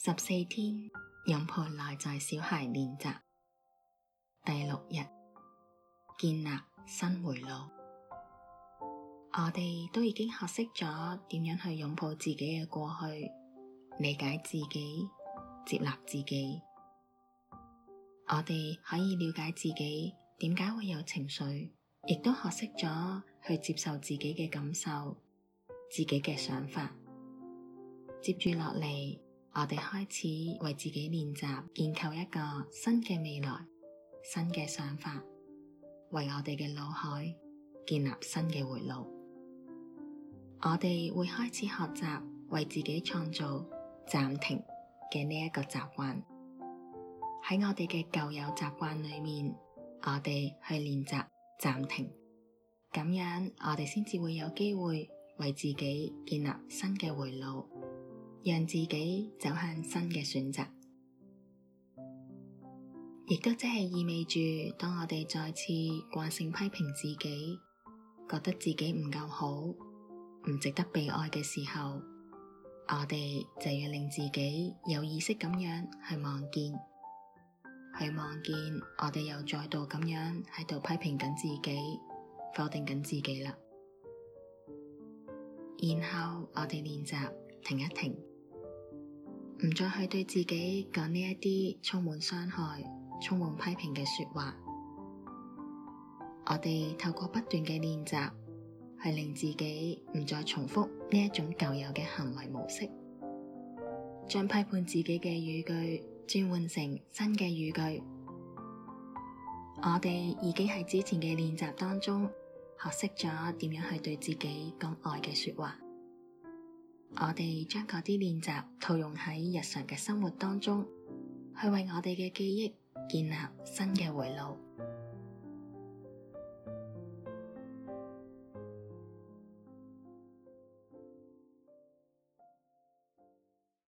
十四天擁抱內在小孩練習第六日建立新回路。我哋都已經學識咗點樣去擁抱自己嘅過去，理解自己，接納自己。我哋可以了解自己點解會有情緒，亦都學識咗去接受自己嘅感受、自己嘅想法。接住落嚟，我哋開始為自己練習建構一個新嘅未來、新嘅想法，為我哋嘅腦海建立新嘅迴路。我哋會開始學習為自己創造暫停嘅呢一個習慣。喺我哋嘅舊有習慣裏面，我哋去練習暫停，咁樣我哋先至會有機會為自己建立新嘅迴路。讓自己走向新嘅選擇，亦都即係意味住，當我哋再次慣性批評自己，覺得自己唔夠好，唔值得被愛嘅時候，我哋就要令自己有意識咁樣去望見，去望見我哋又再度咁樣喺度批評緊自己，否定緊自己啦。然後我哋練習停一停。唔再去對自己講呢一啲充滿傷害、充滿批評嘅說話。我哋透過不斷嘅練習，去令自己唔再重複呢一種舊有嘅行為模式，將批判自己嘅語句轉換成新嘅語句。我哋已經喺之前嘅練習當中學識咗點樣去對自己講愛嘅說話。我哋將嗰啲練習套用喺日常嘅生活當中，去為我哋嘅記憶建立新嘅迴路。